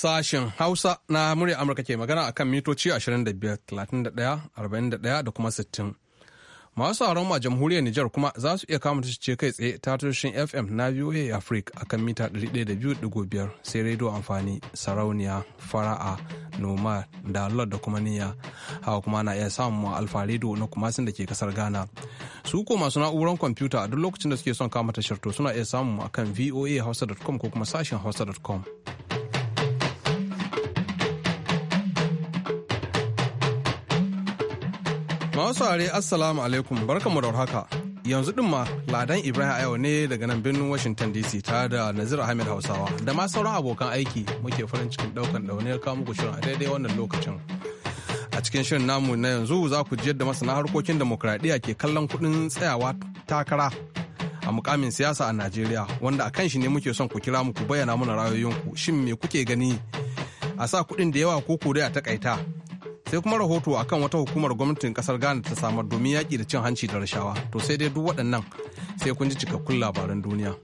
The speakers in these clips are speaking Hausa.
Sashen Hausa na murya Amurka ke magana akan mitoci 25, 31, 41 da kuma 60. Masu sauran ma jamhuriyar Nijar kuma za su iya kama ce kai tsaye ta tushen FM na VOA Africa akan mita 102.5 sai rediyo amfani sarauniya fara'a noma da Allah da kuma niyya hawa kuma na iya samun alfa rediyo na kuma sun da ke kasar Ghana. Su ko masu na'urar kwamfuta a duk lokacin da suke son kama tashar to suna iya samun akan VOA hausa.com ko kuma sashen hausa.com. Masu are Assalamu alaikum barkamu da haka. Yanzu din ma Ladan Ibrahim Ayo ne daga nan birnin Washington DC tare da Nazir Ahmed Hausawa da ma sauran abokan aiki muke farin cikin daukan dauniyar kawo muku shirin a daidai wannan lokacin. A cikin shirin namu na yanzu za ku ji yadda masana harkokin demokradiyya ke kallon kuɗin tsayawa takara a mukamin siyasa a Najeriya wanda a kan shi ne muke son ku kira mu ku bayyana mana ra'ayoyinku shin me kuke gani a sa kuɗin da yawa ko ko a ta kaita sai kuma rahoto akan wata hukumar gwamnatin kasar ghana ta samar domin yaƙi da cin hanci da rashawa to sai dai duk waɗannan sai kun ji cikakkun labaran duniya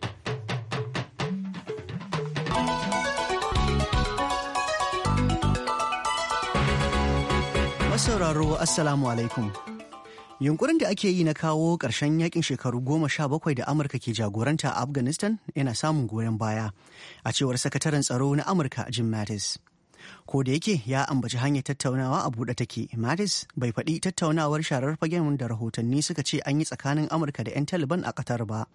masauraro assalamu alaikum yunkurin da ake yi na kawo ƙarshen yakin shekaru goma sha bakwai da amurka ke jagoranta a afghanistan yana samun goyon baya a cewar sakataren tsaro na amurka jim mattis ko da yake ya ambaci hanyar tattaunawa a buɗe take maris bai faɗi tattaunawar sharar fagen da rahotanni suka ce an yi tsakanin amurka da 'yan taliban a Qatar ba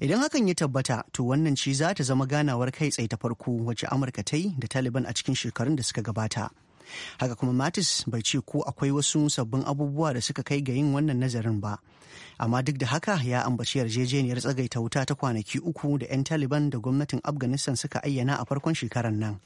idan hakan ya tabbata to wannan ci za ta zama ganawar kai tsaye ta farko wacce amurka ta yi da taliban a cikin shekarun da suka gabata haka kuma matis bai ce ko akwai wasu sabbin abubuwa da suka kai ga yin wannan nazarin ba amma duk da haka ya ambaci yarjejeniyar tsagaita wuta ta kwanaki uku da 'yan taliban da gwamnatin afghanistan suka ayyana a farkon shekarar nan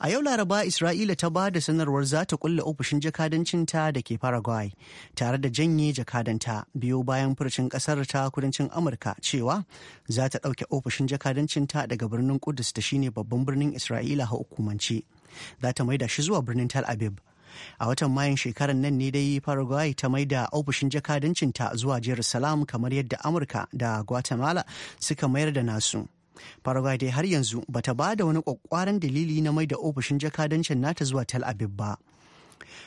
A yau Laraba Isra'ila ta ba da sanarwar za ta kulle ofishin jakadancinta da ke Paraguay tare da janye jakadanta biyu bayan furcin kasar ta kudancin Amurka cewa za ta ɗauke ofishin jakadancinta daga birnin Kudus da shine babban birnin Isra'ila a hukumance. Za ta maida shi zuwa birnin Tal Abib. a watan mayan shekaran nan ne dai paraguay ta maida ofishin jakadancinta zuwa jerusalem kamar yadda amurka da guatemala suka mayar da nasu Paraguay dai har yanzu ba ta ba da wani kwakwaran dalili na mai da ofishin jakadancin nata zuwa Tel Aviv ba.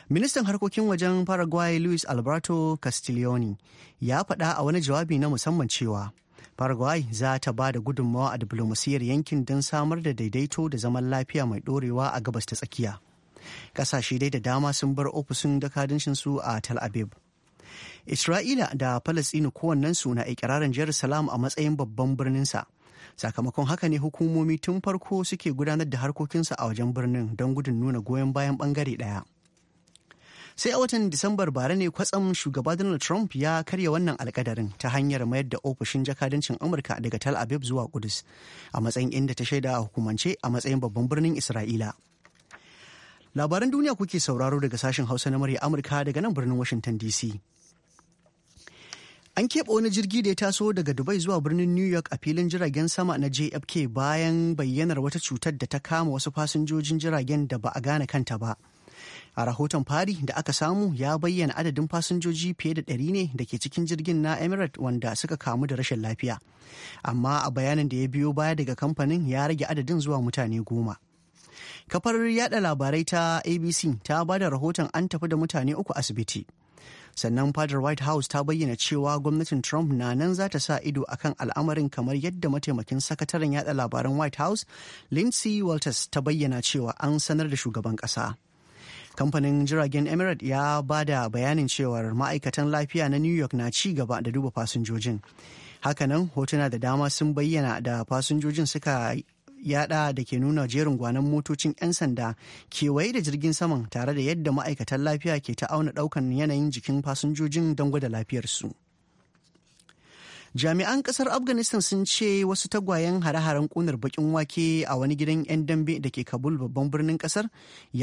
Ministan harkokin wajen Paraguay Luis Alberto Castiglioni ya faɗa a wani jawabi na musamman cewa Paraguay za ta ba da gudunmawa a diplomasiyar yankin don samar da daidaito da zaman lafiya mai ɗorewa a gabas ta tsakiya. Ƙasashe dai da dama sun bar ofishin su a Tel Aviv. Isra'ila da Falasɗinu kowannensu na ikirarin Jerusalem a matsayin babban birninsa. sa. sakamakon haka ne hukumomi tun farko suke gudanar da harkokinsu a wajen birnin don gudun nuna goyon bayan bangare ɗaya sai a watan disambar bara ne kwatsam shugaba donald trump ya karya wannan alkadarin ta hanyar mayar da ofishin jakadancin amurka daga tal aviv zuwa kudus a matsayin inda ta shaida a hukumance a matsayin babban birnin isra'ila labaran duniya kuke sauraro daga sashen hausa na murya amurka daga nan birnin washington dc An keɓe wani jirgi da ya taso daga Dubai zuwa birnin New York a filin jiragen sama na JFK bayan bayyanar wata cutar da ta kama wasu fasinjojin jiragen da ba a gane kanta ba. A rahoton fari da aka samu ya bayyana adadin fasinjoji fiye da ɗari ne da ke cikin jirgin na Emirates wanda suka kamu da rashin lafiya. Amma a bayanin da ya biyo baya daga kamfanin ya rage adadin zuwa mutane goma. Kafar yada labarai ta ABC ta ba da rahoton an tafi da mutane uku asibiti. sannan fadar white house ta bayyana cewa gwamnatin trump na nan za ta sa ido akan al'amarin kamar yadda mataimakin sakataren yada labaran white house lindsey walters ta bayyana cewa an sanar da shugaban kasa kamfanin jiragen emirate ya ba da bayanin cewar ma'aikatan lafiya na new york na ci gaba da duba fasinjojin hakanan hotuna da dama sun bayyana da fasinjojin suka yada da ke nuna jerin gwanon motocin 'yan sanda kewaye da jirgin saman tare da yadda ma'aikatan lafiya ke ta auna daukan yanayin jikin fasinjojin don gwada lafiyarsu. jami'an kasar afghanistan sun ce wasu tagwayen hare-haren kunar bakin wake a wani gidan 'yan dambe da ke kabul babban birnin kasar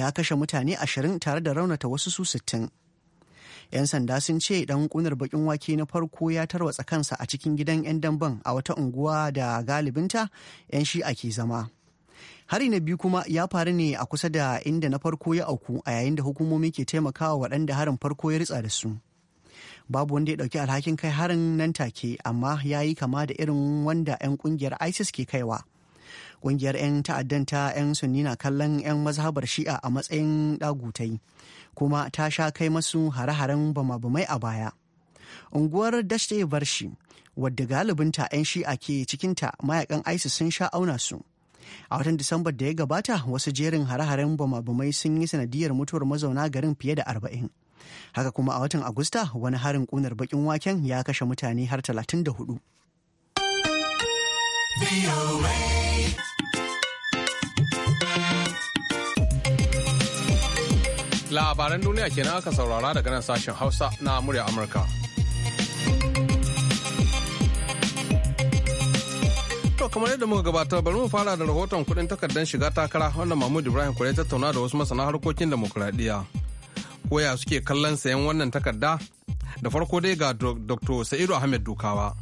ya kashe mutane ashirin tare da raunata wasu su sittin. 'Yan sanda sun ce dan kunar bakin wake na farko ya tarwatsa kansa a cikin gidan 'yan damban a wata unguwa da galibinta 'yan shi'a ke zama. hari na biyu kuma ya faru ne a kusa da inda na farko ya auku a yayin da hukumomi ke taimakawa waɗanda harin farko ya ritsa da su babu wanda ya ɗauki alhakin kai harin nan take amma ya yi kama da irin wanda 'yan ƙungiyar isis ke kaiwa Ƙungiyar 'yan ta'addan ta 'yan sunni na kallon 'yan mazhabar shi'a a matsayin ɗagutai, kuma ta sha kai masu hare-haren bama-bamai a baya. Unguwar Dashte Barshi, wadda galibinta 'yan shi'a ke cikinta mayakan ISIS sun sha auna su. a watan disambar da ya gabata wasu jerin hare-haren bama-bamai sun yi sanadiyar mutuwar mazauna garin fiye da arba'in haka kuma a watan agusta wani harin kunar bakin waken ya kashe mutane har talatin da hudu. labaran duniya kenan aka saurara daga nan sashen hausa na murya amurka to kamar yadda muka gabatar bari mu fara da rahoton kudin takardar shiga takara wanda mahmud ibrahim kure tattauna da wasu masana harkokin demokuraɗiyya koya suke kallon sayan wannan takarda da farko dai ga dr sa'idu ahmed dukawa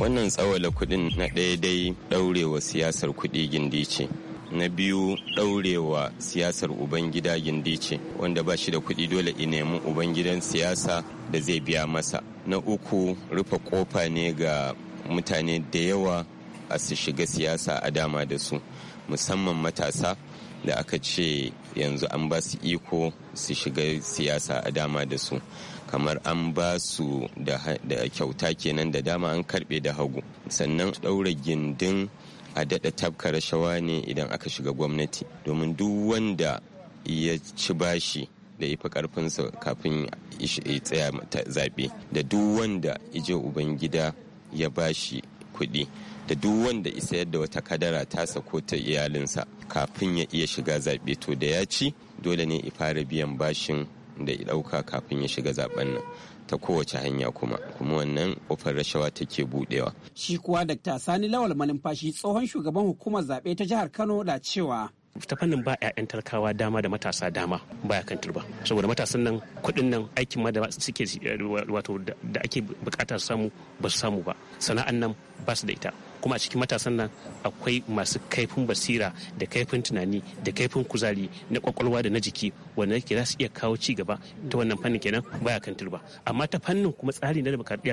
wannan tsawala kudin na ɗaya dai ɗaurewa siyasar kuɗi gindi ce na biyu ɗaurewa siyasar ubangida gindi ce wanda ba shi da kuɗi dole i nemi ubangidan siyasa da zai biya masa na uku rufe ƙofa ne ga mutane da yawa a su shiga siyasa a dama da su musamman matasa da aka ce yanzu an ba su iko su shiga siyasa a dama da su kamar an ba su da kyauta kenan da dama an karbe da hagu sannan ɗaura gindin a daɗa tabka rashawa ne idan aka shiga gwamnati domin duk wanda ya ci bashi da ya karfinsa kafin ya tsaya zaɓe da duk wanda ije ubangida ya bashi kuɗi da duk wanda isa yadda wata kadara ta sako ta iyalinsa kafin ya iya shiga zaɓe to da ya ci dole ne ya fara biyan bashin da ya ɗauka kafin ya shiga zaɓen nan ta kowace hanya kuma kuma wannan kofar rashawa take budewa shi kuwa Dr. sani lawal malumfashi tsohon shugaban hukumar zaɓe ta jihar kano da cewa ta fannin ba 'ya'yan talakawa dama da matasa dama ba ya kantar ba saboda matasan nan kuɗin nan aikin ma da suke wato da ake bukatar samu ba su samu ba sana'an nan ba su da ita kuma a cikin matasan nan akwai masu kaifin basira da kaifin tunani da kaifin kuzari na kwakwalwa da na jiki wanda yake za su iya kawo ci gaba ta wannan fannin kenan baya kan turba amma ta fannin kuma tsari na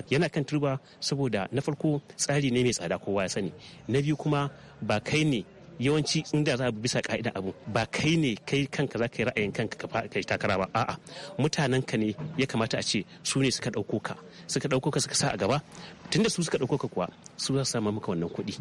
yana kan turba saboda na farko tsari ne mai tsada kowa ya sani na biyu kuma ba kai ne yawanci inda za a bisa ka'ida abu ba kai ne kai kanka za ka yi ra'ayin kanka ka kai takara ba a'a mutanen ka ne ya kamata a ce su ne suka ɗauko ka suka ɗauko ka suka sa a gaba tunda su suka ɗauko ka kuwa su za su sama maka wannan kuɗi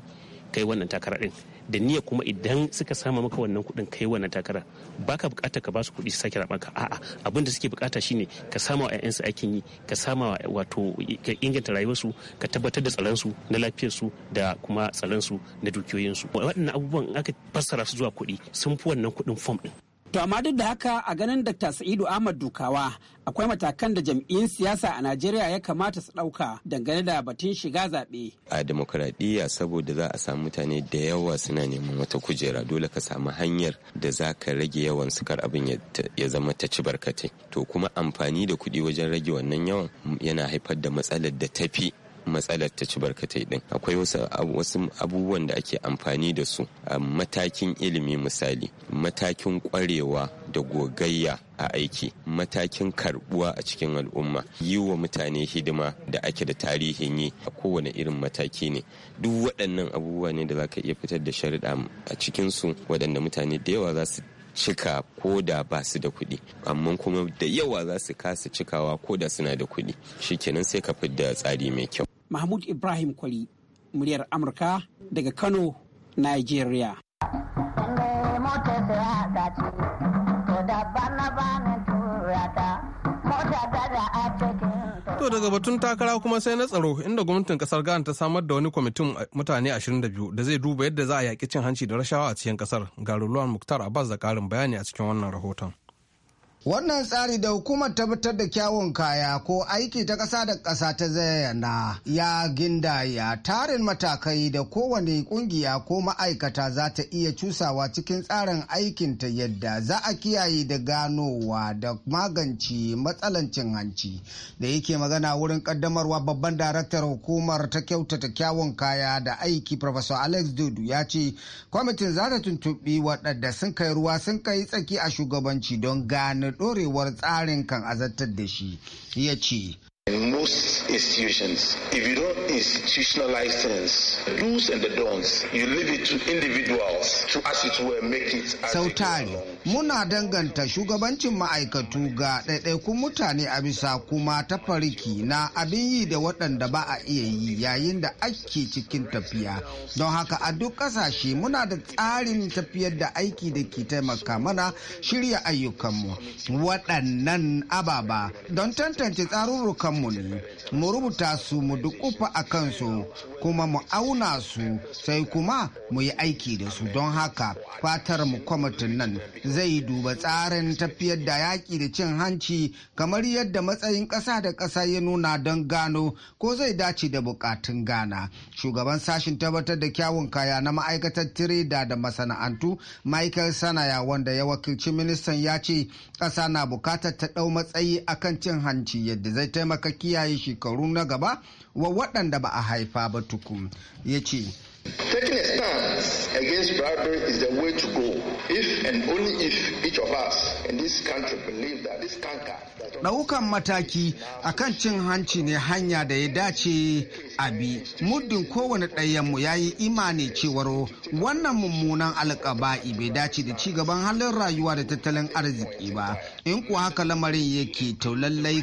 kai wannan takara din da niyya kuma idan suka sama maka wannan kuɗin kai wannan takara baka bukata ka ba su kuɗi su sake raɓan ka a'a abin da suke bukata shine ka sama wa 'ya'yansu aikin yi ka sama wato ka inganta rayuwarsu ka tabbatar da su na lafiyar su da kuma tsalonsu na dukiyoyin su waɗannan abubuwan aka fassara su zuwa kuɗi sun fi wannan kuɗin fom din To amma duk da haka a ganin Dr. Sa'idu Ahmad Dukawa akwai matakan da jam'iyyun siyasa a Najeriya ya kamata su ɗauka dangane da batun shiga zaɓe. A demokradiyya saboda za a samu mutane da yawa suna neman wata kujera dole ka samu hanyar da za ka rage yawan sukar abin ya zama ta ci barkatai. To kuma amfani da kuɗi wajen rage wannan yawan yana haifar da matsalar da tafi matsalar ta ci barkatai din akwai wasu abubuwan da ake amfani da su a matakin ilimi misali matakin kwarewa da gogayya a aiki matakin karbuwa a cikin al'umma yi wa mutane hidima da ake da tarihin yi a kowane irin mataki ne duk waɗannan abubuwa ne da za ka iya fitar da sharida a cikinsu waɗanda mutane da yawa za su cika ko da ba su da kuɗi amma kuma da yawa za su kasa cikawa ko da suna da kuɗi shikenan sai ka fi da tsari mai kyau Mahmud Ibrahim kwali muryar Amurka daga Kano, Nigeria. To daga batun takara kuma sai na tsaro inda gwamnatin kasar Ghana ta samar da wani kwamitin eh, mutane 22 da zai duba yadda za a yaƙi cin hanci da rashawa a cikin kasar. Garuluwan Muktar Abbas da ƙarin bayani a cikin wannan rahoton. Wannan tsari da hukumar tabbatar da kyawun kaya ko aiki ta ƙasa da kasa ta zayyana ya gindaya tarin matakai da kowane ƙungiya ko ma'aikata za ta iya cusawa cikin tsarin aikinta yadda za a kiyaye da ganowa da magance matsalan cin hanci da yake magana wurin ƙaddamarwa babban daraktar hukumar ta kyautata kyawun kaya da aiki Professor Alex Dudu ya ce kwamitin za ta tuntuɓi waɗanda sun kai ruwa sun kai tsaki a shugabanci don ganin ɗorewar tsarin kan azartar da shi ya ce In most institutions, if you don't institutionalize things, do's and the don'ts, you leave it to individuals to, as it were, make it as Sautari, muna danganta shugabancin ma'aikatu ga ɗaiɗaikun mutane a bisa kuma ta fariki na abin yi da waɗanda ba a iya yi yayin da ake cikin tafiya. Don haka a duk ƙasashe muna da tsarin tafiyar da aiki da ke taimaka mana shirya ayyukanmu. Waɗannan ababa don tantance tsarurrukan mu ne mu rubuta su mu dukufa a kansu kuma mu auna su sai kuma mu yi aiki da su don haka fatar mu kwamitin nan zai duba tsarin tafiyar da yaƙi da cin hanci kamar yadda matsayin ƙasa da ƙasa ya nuna don gano ko zai dace da buƙatun gana shugaban sashin tabbatar da kyawun kaya na ma'aikatar tireda da masana'antu michael sanaya wanda ya wakilci ministan ya ce ƙasa na buƙatar ta ɗau matsayi akan cin hanci yadda zai taimaka aka kiyaye shekaru na gaba wa waɗanda ba a haifa ba tukun ya ce Taking a stand against bribery is the way to go if and only if each of us in this country believe that this canker Ɗaukan mataki a kan cin hanci ne hanya da ya dace abi muddin kowane ɗayanmu ya yi imani cewar wannan mummunan alƙaba'i bai dace da ci gaban halin rayuwa da tattalin arziki ba in kuwa haka lamarin yake to lallai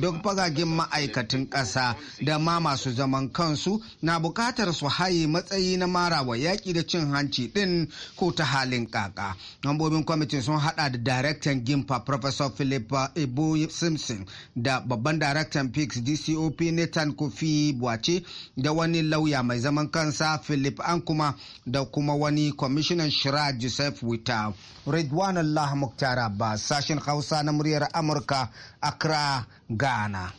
duk fagagen ma'aikatan ƙasa da ma masu zaman kansu na buƙatar su haye matsayi na mara wa yaƙi da cin hanci ɗin ko ta halin kaka mambobin kwamitin sun haɗa da daraktan gimfa professor philip ebo simpson da babban daraktan pix dcop nathan kofi buwa face da wani lauya mai zaman kansa philip ankuma da kuma wani kwamishinan shira joseph wita ridwan allah muktar abbas sashen hausa na muryar amurka accra ghana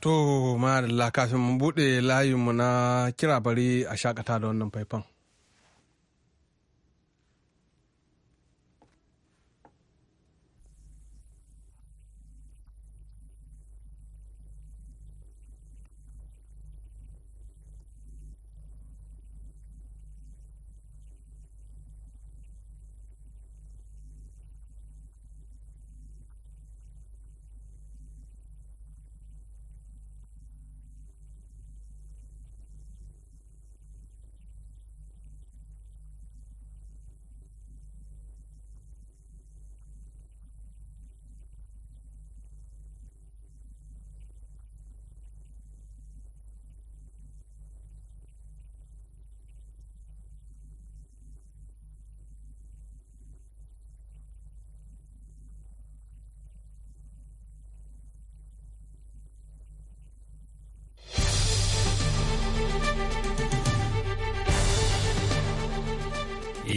To, ma da kafin mu buɗe layinmu na kira bari a shakata da wannan faifan.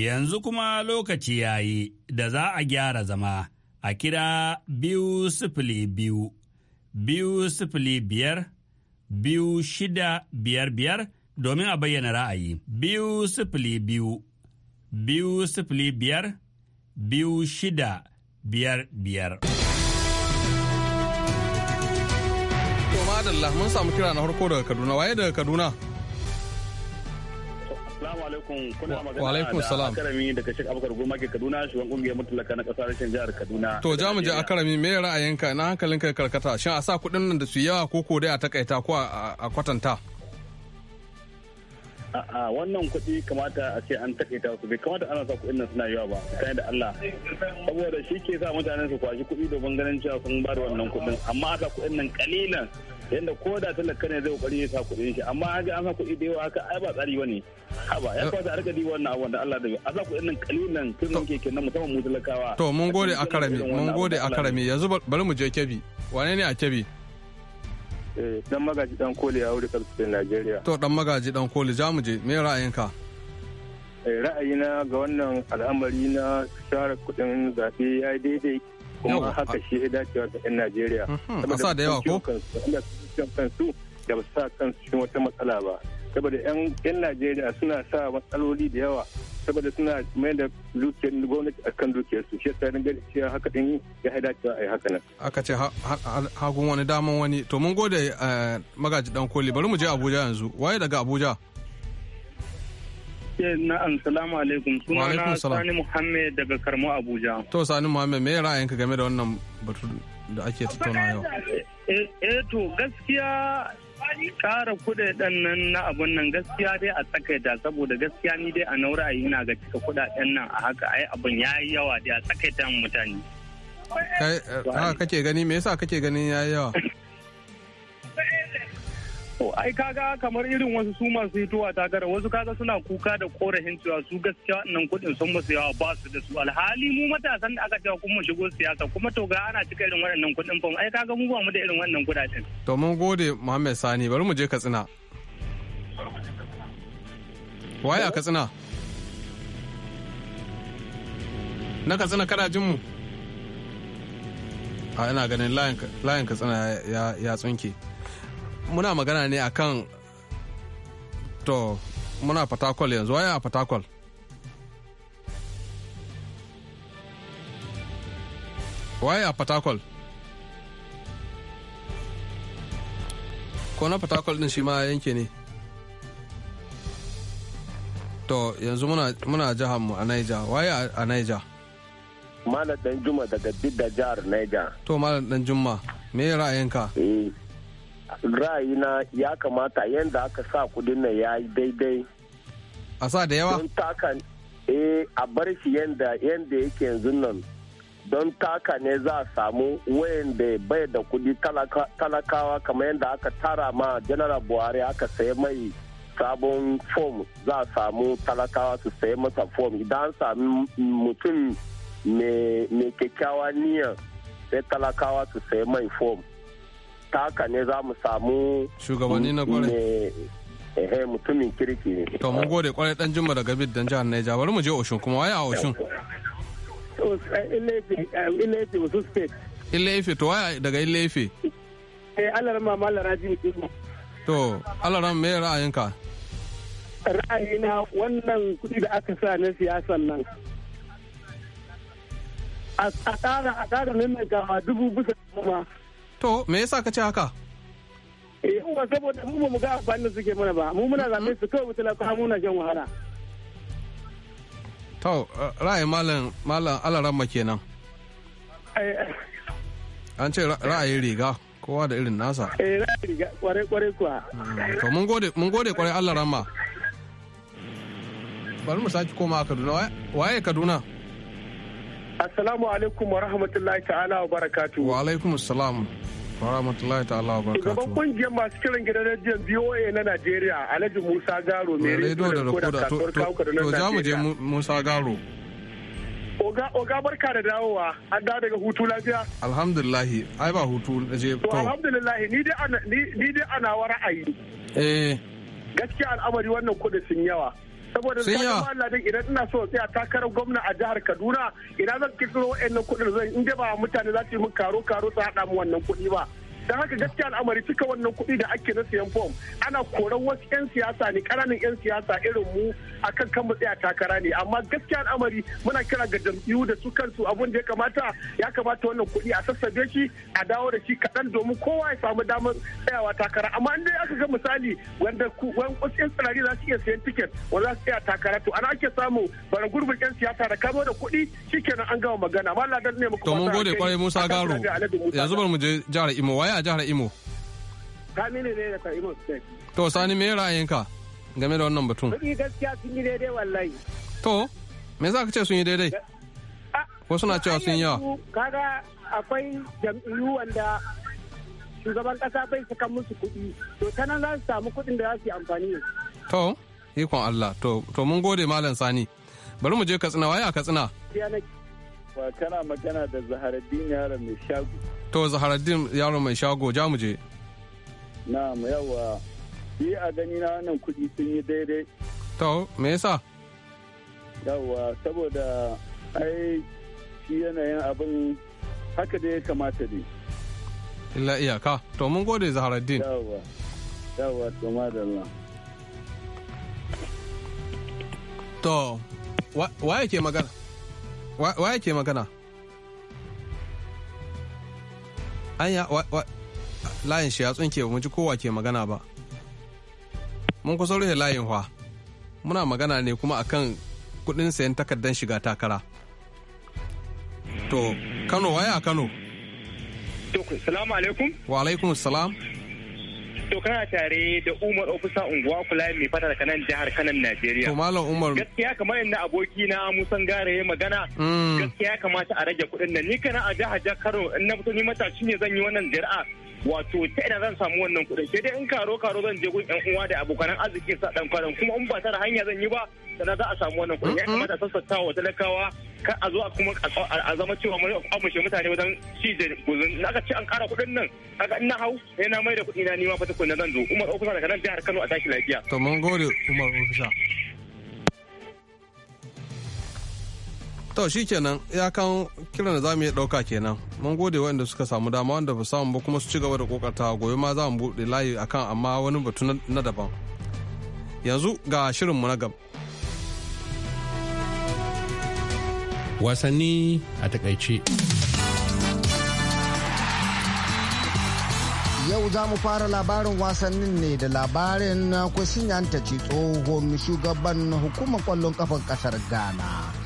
Yanzu kuma lokaci ya yi da za a gyara zama a kira biyu sifili biyu, biyu sifili biyar, biyu shida biyar biyar domin a bayyana ra'ayi. Biyu sifili biyu, biyu sifili biyar, biyu shida biyar biyar. Madalla mun samu kira na harko daga Kaduna, waye daga Kaduna? Assalamu alaikum kuna magana da Akarami daga Sheikh Abubakar Goma ke Kaduna shugaban kungiyar mutalaka na kasar rashin jihar Kaduna. To ja mu je Akarami me ra'ayinka na hankalinka karkata shin a sa kuɗin nan da su yawa ko ko dai a takaita ko a kwatanta? a'a wannan kuɗi kamata a ce an takaita su bai kamata ana sa kuɗin nan suna yawa ba kai da Allah saboda shi ke sa mutanen su kwashi kuɗi domin ganin cewa sun ba da wannan kuɗin amma a sa kuɗin nan kalilan yadda ko da talaka ne zai kokari ya sa kuɗi shi amma an ga an sa kuɗi da yawa haka ai ba tsari bane haba ya kwata a rika wannan abu da Allah da a sa kuɗin nan kalilan kin nan keke nan musamman mu talakawa to mun gode a karami mun gode a karami yanzu bari mu je kebi wane ne a kebi eh, dan magaji dan koli ya wuri kalfin Najeriya to dan magaji dan koli za mu je me ra'ayinka eh, ra'ayina ga wannan al'amari na share kuɗin zaɓe ya daidai kuma haka shi ya dacewa ga 'yan Najeriya. Kasa mhm, da yawa ko? cikin kansu da ba sa kansu cikin wata matsala ba saboda yan najeriya suna sa matsaloli da yawa saboda suna mai da dukiyar gwamnati a kan dukiyar su shi tsarin gari shi haka din ya haida cewa a yi haka nan. aka ce hagun wani daman wani to mun gode eh, magaji dan koli bari mu je abuja yanzu waye daga abuja. Eh, na'am salamu alaikum suna na sani muhammed daga karmo abuja. to sani muhammed me ra'ayinka game da wannan batu da ake tattauna yau. Eh, eh to gaskiya kara kudaden nan na abun nan gaskiya dai a tsakaita saboda gaskiya ni dai a na ra'ayi ina ga cika kudaden nan a haka ai abun yayi yawa dai a tsakaita mutane. Kai eh, kake gani me yasa kake ganin yayi yawa? To ai kaga kamar irin wasu su masu hitowa takara wasu kaga suna kuka da korafin cewa su gaskiya wannan kuɗin sun musu yawa ba su da su alhali mu matasan da aka cewa kuma shigo siyasa kuma to ga ana cika irin waɗannan kuɗin fam ai kaga mu ba mu da irin wannan kuɗaɗen. To mun gode Muhammad Sani bari mu je Katsina. Waye Katsina? Na Katsina kana jin mu? A ina ganin layin Katsina ya tsunke. muna magana ne akan to muna fatakwal yanzu waya a fatakwal waye a fatakwal ko na fatakwal din shi ma yanke ne to yanzu muna jihar mu a naija waye a naija malam dan juma daga bidda jihar naija to malam dan juma me ra'ayinka eh ra'ayina ya kamata yadda aka sa kudin nan ya yi daidai a sa da yawa don taka eh a bar shi yadda yake yanzu nan don taka ne za a samu wayanda bai da kudi talakawa kamar yadda aka tara ma general buhari aka saya mai sabon fom za a samu talakawa su saya masa fom idan sami mutum mai kyakkyawa niyan sai talakawa su saya mai fom ta haka ne za mu samu shugabanni na kwarai ehe mutumin kirki ne to mun gode kwarai dan jimma daga bid dan jihar Niger bari mu je Oshun kuma waye a Oshun eh, eh, Ilefe Osun State Ilefe to waye daga Ilefe eh Allah rama mallan Raji to Allah rama me ra'ayinka ra'ayina wannan kuɗi da aka sa na siyasan nan a tsara a tsara nan ga dubu bisa kuma To, me yasa ka ce haka? Eh, uwa saboda mu mu ga amfani da suke mana ba. Mu muna mm-hmm. zaɓe su kawai mutala kuma muna jan wahala. To, eh, ra'ayin malam malam alaramma kenan. Eh, eh. An ce ra'ayin riga. Kowa da irin nasa. Eh, ra'ayin riga kware kware kuwa. Mm, to mun gode mun gode kware alaramma. Bari mu sake koma a Kaduna. Waye Kaduna? Assalamu alaikum wa rahmatullahi ta'ala wa barakatuhu. Wa alaikum assalam. Warahmatullahi ta'ala wa barakatuhu. Gaban kungiyar masu kiran gidan rediyon VOA na Najeriya Alhaji Musa Garo mai rediyo da rikoda kasuwar kawuka da nan Najeriya. To je Musa Garo. Oga oga barka da dawowa an da daga hutu lafiya. Alhamdulillahi ai ba hutu na je to. Alhamdulillahi ni dai ana ni dai ana wa ra'ayi. Eh. Gaskiya al'amari wannan kudin sun yawa. saboda sai ga malamin idan ina so sai a takara gwamna a jihar Kaduna idan zan kirkiro wayannan kuɗin zan inda ba mutane za su yi min karo karo su haɗa mu wannan kudi ba don haka gaskiya al'amari cika wannan kuɗi da ake na siyan fom ana koran wasu 'yan siyasa ne ƙananan 'yan siyasa irin mu a kan kan tsaya takara ne amma gaskiya al'amari muna kira ga jam'iyyu da su kansu abun da ya kamata ya kamata wannan kuɗi a sassabe shi a dawo da shi kaɗan domin kowa ya samu damar tsayawa takara amma in dai aka ga misali wanda wasu 'yan tsirari za su iya sayan tiket wanda za su tsaya takara to ana ake samu bara gurbin 'yan siyasa da kamo da kuɗi kenan an gama magana. amma dan ne muku. To mun gode kwarai Musa Garo. Yanzu bari mu je jihar Imo waye a jihar Imo. Saminu ne daga Imo State. To Sani me ra'ayinka game da wannan batun? Kuɗi gaskiya sun yi daidai wallahi. To me za ka ce sun yi daidai? Ko suna cewa sun yawa. Kaga akwai jam'iyyu wanda shugaban kasa bai saka musu kuɗi to ta nan za su samu kuɗin da za su yi amfani to ikon Allah to mun gode malam sani bari mu je katsina waye a katsina kana magana da Zaharaddin mai shago. To Zaharaddin yaron mai shago ja mu je. yawa. Yi a gani na wannan kuɗi sun yi daidai. To me yasa? Yawa saboda ai shi yanayin abin haka da ya kamata dai. Illa iyaka. To mun gode Zaharaddin. Yawa. Yawa to madalla. To, wa yake magana? wa ke magana anya layin shi ya tsunke ba mu ji kowa ke magana ba mun kusa rufe layin hwa muna magana ne kuma a kan kudin sayan takardar shiga takara to kano waya kano salamu alaikum wa alaikum salam to kana tare da umar ofisa unguwa kula mai fata da kanan jihar kanan najeriya to malam umar gaskiya kamar inda aboki na musan gare ya magana mm. gaskiya kamata a rage kuɗin nan ni kana a jihar Jakaro in na fito ni matashi ne zan yi wannan jari'a wato ta ina zan samu wannan kuɗin sai dai in karo karo zan je gun uwa da abokanan arziki sa dan faran kuma in ba ta hanya zan yi ba sannan za a samu wannan kuɗin ya kamata sassata wa talakawa kan a zo a kuma a zama cewa mun amushe mutane wajen ci da guzun aka ci an kara kuɗin nan aka ina hau sai na mai da kuɗi na nima fa tukunna zan zo umar ofisa daga nan jihar Kano a tashi lafiya to mun gode umar ofisa To shi kenan kan kiran da za mu iya ɗauka kenan. Mun gode waɗanda suka samu dama wanda ba samu ba kuma su ci gaba da kokarta gobe ma za mu buɗe layi akan amma wani batu na daban. Yanzu ga shirin mu na gaba. Wasanni a takaice. yau za mu fara labarin wasannin ne da labarin kwashin yanta tsohon shugaban hukumar kwallon kafar kasar ghana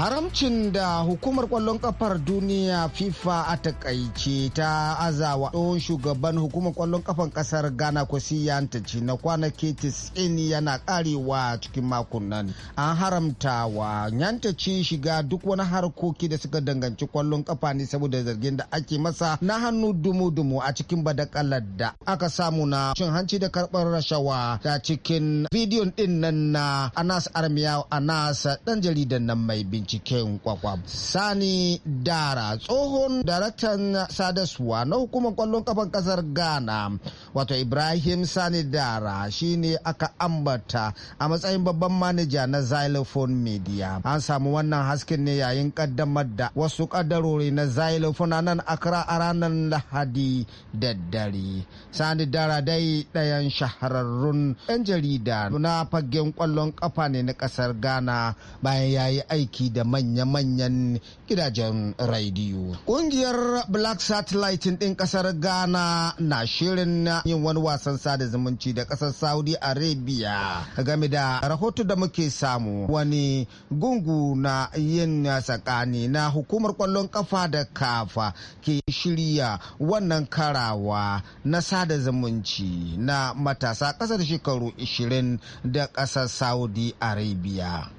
haramcin da hukumar kwallon kafar duniya fifa a takaice ta azawa tsohon shugaban hukumar kwallon kafan kasar ghana kwasiya ci na kwanaki 90 yana karewa cikin makonnan. an haramta wa yantaci shiga duk wani harkoki da suka danganci kwallon kafa ne saboda zargin da ake masa na hannu dumu-dumu a cikin badakalar da aka samu na cin hanci da karbar rashawa ta cikin bidiyon din nan na anas armiya anas dan jaridan nan mai bincike binciken kwakwab. Sani Dara tsohon daraktan sadaswa na hukumar kwallon kafan kasar Ghana wato Ibrahim Sani Dara shine aka ambata a matsayin babban manaja na Xylophone Media. An samu wannan hasken ne yayin kaddamar da wasu kaddarori na Xylophone a nan Accra a ranar Lahadi da dare. Sani Dara dai ɗayan shahararrun 'yan jarida na fagen kwallon kafa ne na kasar Ghana bayan yayi aiki da manya-manyan gidajen rediyo. kungiyar Black Satellite ɗin ƙasar Ghana na shirin yin wani wasan sada zumunci da ƙasar Saudi Arabia game da rahoto da muke samu wani gungu na yin tsakani na hukumar kwallon kafa da kafa ke shirya wannan karawa na sada zumunci na matasa ƙasar shekaru 20 da ƙasar Saudi Arabia.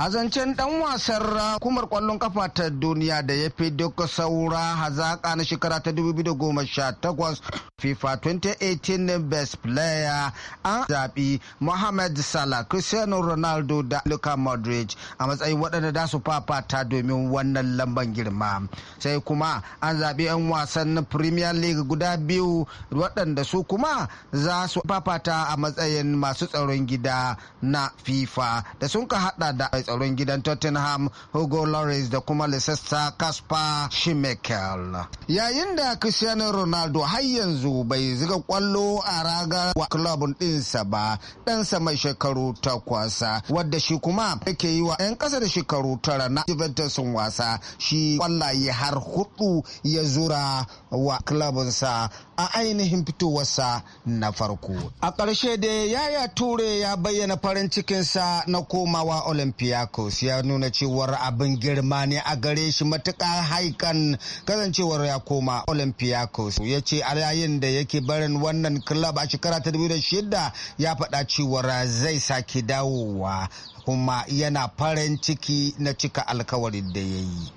Azancen ɗan dan wasan kumar kwallon kafa ta duniya da ya fi duka saura hazaka na shekara ta 2018 fifa 2018 best player an zaɓi mohamed salah cristiano ronaldo da luka modric a matsayin waɗanda da su fafata domin wannan lamban girma sai kuma an zaɓi 'yan wasan premier league guda biyu waɗanda su kuma za su fafata a matsayin masu tsaron gida na fifa da sun ka hada da tsaron gidan Tottenham Hugo Lloris da kuma Leicester Kasper Schmeichel. Yayin da Cristiano Ronaldo har yanzu bai ziga kwallo a ragar wa club ɗinsa ba ɗansa mai shekaru takwas wadda shi kuma yake yi wa 'yan ƙasa da shekaru tara na Juventus wasa shi kwallaye har hudu ya zura wa klabinsa a ainihin fitowarsa na farko. A ƙarshe da yaya ture ya bayyana farin cikinsa na komawa Olympia Yakos ya nuna cewar abin girma ne a gare shi matuƙa haikan kasancewar ya koma Olympiacos ya ce a yayin da yake barin wannan club a shekara ta dubu da shida ya faɗa cewar zai sake dawowa kuma yana farin ciki na cika alkawarin da ya yi.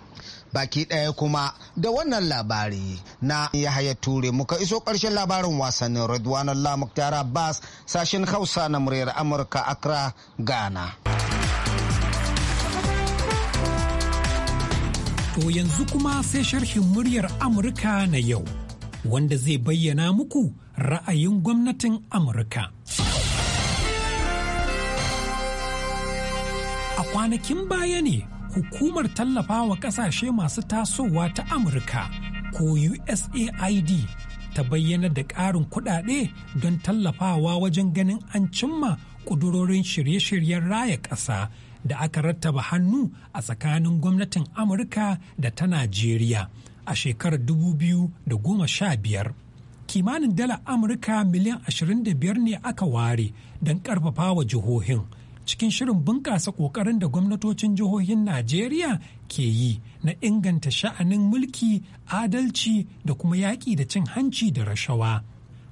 baki ɗaya kuma da wannan labari na ya haya ture muka iso ƙarshen labarin wasannin Redwan Allah Muktar Abbas sashen Hausa na muryar Amurka Accra Ghana. To yanzu kuma sai sharhin muryar Amurka na yau, wanda zai bayyana muku ra'ayin gwamnatin Amurka. A kwanakin baya ne hukumar tallafawa ƙasashe masu tasowa ta Amurka ko USAID ta bayyana da ƙarin kuɗaɗe don tallafawa wajen ganin an cimma ƙudurorin shirye-shiryen raya ƙasa da aka rattaba hannu a tsakanin gwamnatin Amurka da ta Najeriya a shekarar 2015. Kimanin dala Amurka miliyan 25 ne aka ware don ƙarfafa wa jihohin. cikin shirin bunƙasa ƙoƙarin da gwamnatocin jihohin Najeriya ke yi na inganta sha'anin mulki, adalci da kuma yaƙi da cin hanci da rashawa.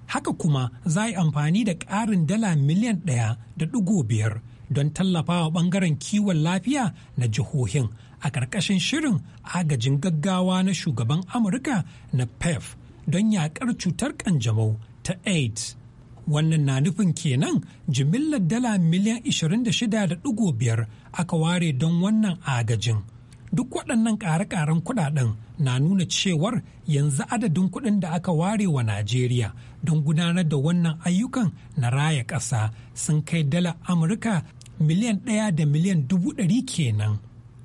Haka kuma za yi amfani da ƙarin dala miliyan ɗaya da ɗigo biyar don tallafawa bangaren kiwon lafiya na jihohin a ƙarƙashin shirin agajin gaggawa na shugaban amurka na pef don yaƙar cutar kanjamau ta aids wannan na nufin kenan jimillar dala miliyan 26.5 aka ware don wannan agajin duk waɗannan ƙare-ƙaren kuɗaɗen na nuna cewar yanzu adadin kuɗin da aka ware wa Najeriya don gudanar da wannan ayyukan na raya ƙasa sun kai dala Amurka miliyan ɗaya da miliyan dubu ɗari kenan.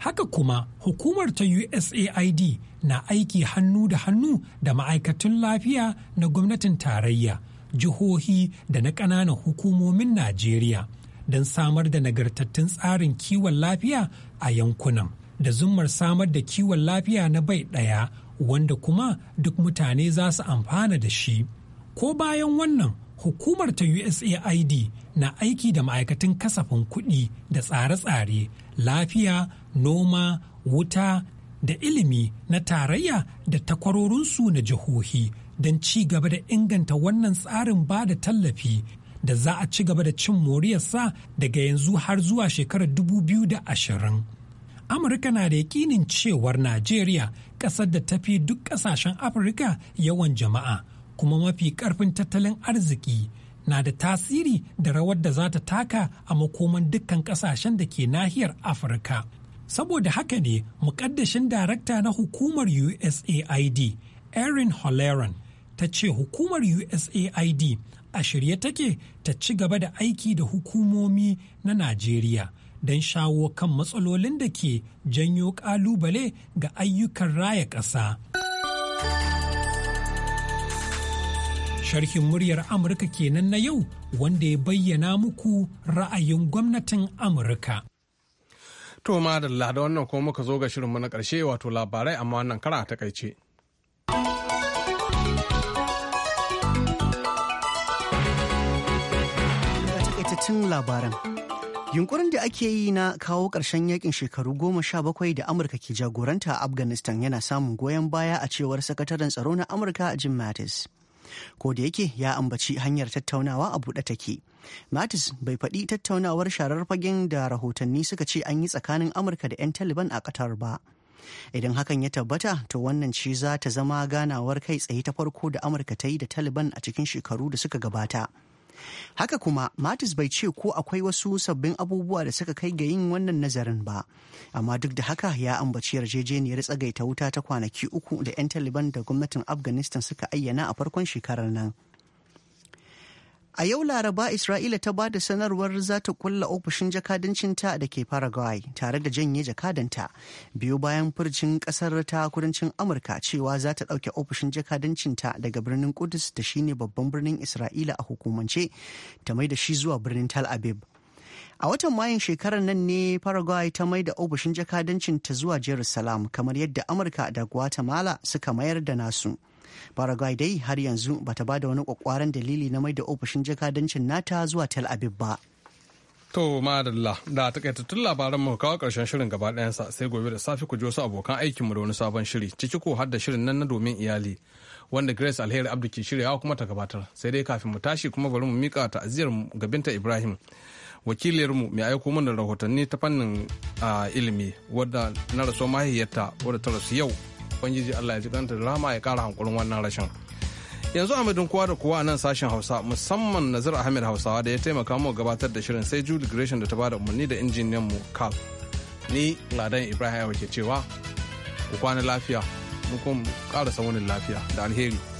Haka kuma hukumar ta USAID na aiki hannu da hannu da ma'aikatun lafiya na gwamnatin tarayya, jihohi da na ƙananan hukumomin Najeriya don samar da nagartattun tsarin kiwon lafiya a yankunan da zummar samar da kiwon lafiya na bai ɗaya wanda kuma duk mutane za su amfana da shi. Ko bayan wannan hukumar ta USAID na aiki da ma'aikatan kasafin kuɗi da tsare-tsare, lafiya, noma, wuta da ilimi na tarayya da takwarorinsu na jihohi don ci gaba da inganta wannan tsarin ba da tallafi da za a ci gaba da cin moriyarsa daga yanzu har zuwa shekarar 2020. Amurka na da yakinin cewar Najeriya ƙasar da tafi duk ƙasashen Afirka yawan jama'a. kuma mafi karfin tattalin arziki na da tasiri da rawar da za ta taka a makoman dukkan kasashen da ke nahiyar afirka saboda haka ne mukaddashin darakta na hukumar usaid erin holleran ta ce hukumar usaid a shirye take ta ci gaba da aiki da hukumomi na najeriya don shawo kan matsalolin da ke janyo kalubale ga ayyukan raya ƙasa. Sharhin muryar Amurka kenan na yau wanda ya bayyana muku ra'ayin gwamnatin Amurka. To madalla da wannan kuma muka zo ga shirinmu na ƙarshe wato labarai amma wannan kara a kaice. labaran. Yunkurin da ake yi na kawo ƙarshen yakin shekaru goma sha bakwai da Amurka ke jagoranta a Afghanistan yana samun goyon baya a cewar sakataren tsaro na Amurka Jim Mattis. ko da yake ya ambaci hanyar tattaunawa a buɗe take matis bai faɗi tattaunawar sharar fagen da rahotanni suka ce an yi tsakanin amurka da 'yan taliban a qatar ba idan hakan ya tabbata to wannan ce za ta zama ganawar kai tsaye ta farko da amurka ta yi da taliban a cikin shekaru da suka gabata Haka kuma Matis bai ce ko akwai wasu sabbin abubuwa da suka kai ga yin wannan nazarin ba. Amma duk da haka ya ambaci yarjejeniyar tsagaita wuta ta kwanaki uku da 'yan Taliban da gwamnatin Afghanistan suka ayyana a farkon shekarar nan. A yau Laraba Isra'ila ta ba da sanarwar za ta kulla ofishin jakadancinta da ke Paraguay tare da janye jakadanta biyu bayan furcin kasar ta kudancin Amurka cewa za ta ɗauke ofishin jakadancinta daga birnin Kudus da shine babban birnin Isra'ila a hukumance ta mai da shi zuwa birnin Tal Aviv. A watan Mayun shekarar nan ne Paraguay ta mai da ofishin jakadancinta zuwa Jerusalem kamar yadda Amurka da Guatemala suka mayar da nasu. paraguay dai har yanzu bata ba da wani kwakwaran dalili na mai da ofishin jakadancin nata zuwa tel aviv ba To madalla da takaitattun labaran mu kawo karshen shirin gaba ɗayansa sai gobe da safi ku ji su abokan aikinmu da wani sabon shiri ciki ko har da shirin nan na domin iyali wanda Grace Alheri Abdu ke shiryawa kuma ta gabatar sai dai kafin mu tashi kuma bari mu mika ta'aziyar mu ga Binta Ibrahim wakiliyarmu mai aiko mana rahotanni ta fannin ah, ilimi wadda na raso mahiyarta wadda ta rasu yau ubangiji allah ya ji kanta da rahama ya kara hankulin wannan rashin yanzu amadin kowa da kowa nan sashen hausa musamman nazir ahmed hausawa da ya taimaka mu gabatar da shirin sai jude gresham da ta bada umarni da injiniyan mu kal ni ladan ibrahim ke cewa ku kwana lafiya mu kuma karasa saunin lafiya da alheri